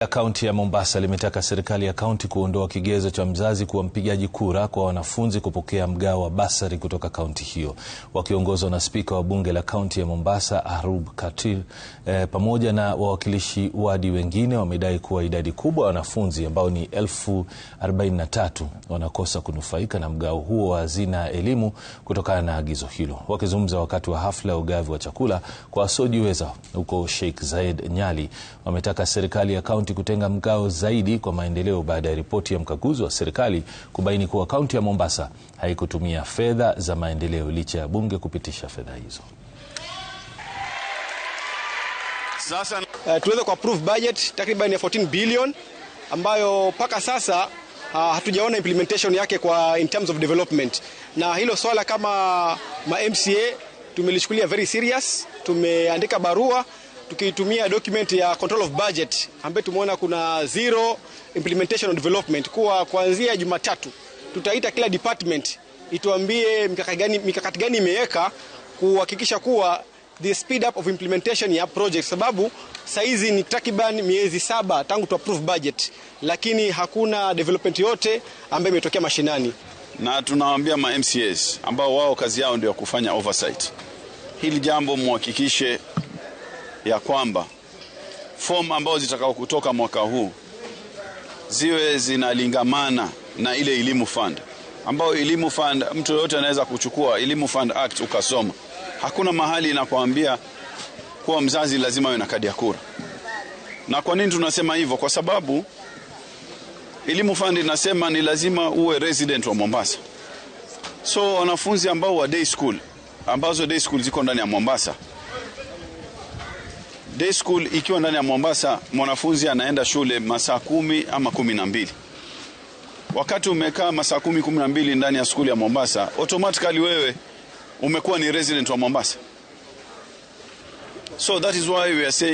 ya kaunti ya Mombasa limetaka serikali ya kaunti kuondoa kigezo cha mzazi kuwa mpigaji kura kwa wanafunzi kupokea mgao wa basari kutoka kaunti hiyo. Wakiongozwa na spika wa bunge la kaunti ya Mombasa Arub Katil e, eh, pamoja na wawakilishi wadi wengine wamedai kuwa idadi kubwa ya wanafunzi ambao ni elfu 43 wanakosa kunufaika na mgao huo wa hazina ya elimu kutokana na agizo hilo. Wakizungumza wakati wa hafla ya ugavi wa chakula kwa wasiojiweza huko Sheikh Zayed Nyali, wametaka serikali ya kaunti kaunti kutenga mgao zaidi kwa maendeleo baada ya ripoti ya mkaguzi wa serikali kubaini kuwa kaunti ya Mombasa haikutumia fedha za maendeleo licha ya bunge kupitisha fedha hizo. Sasa uh, tuweze ku approve budget takriban ya 14 billion ambayo mpaka sasa uh, hatujaona implementation yake kwa in terms of development, na hilo swala kama ma MCA tumelishukulia very serious, tumeandika barua tukiitumia document ya control of budget ambayo tumeona kuna zero implementation and development, kuwa kuanzia Jumatatu tutaita kila department ituambie mikakati gani, mikakati gani imeweka kuhakikisha kuwa the speed up of implementation ya project, sababu saizi ni takriban miezi saba tangu tu approve budget, lakini hakuna development yote ambayo imetokea mashinani, na tunawaambia ma MCAs ambao wao kazi yao ndio kufanya oversight. Hili jambo muhakikishe ya kwamba fomu ambazo zitakao kutoka mwaka huu ziwe zinalingamana na ile elimu fund ambayo elimu fund mtu yoyote anaweza kuchukua elimu fund act ukasoma. Hakuna mahali inakwambia kuwa mzazi lazima awe na kadi ya kura. Na kwa nini tunasema hivyo? Kwa sababu elimu fund inasema ni lazima uwe resident wa Mombasa. So wanafunzi ambao wa day school ambazo day school ziko ndani ya Mombasa Day school ikiwa ndani ya Mombasa, mwanafunzi anaenda shule masaa kumi ama kumi na mbili. Wakati umekaa masaa kumi kumi na mbili ndani ya skuli ya Mombasa, automatically wewe umekuwa ni resident wa Mombasa. So that is why we are saying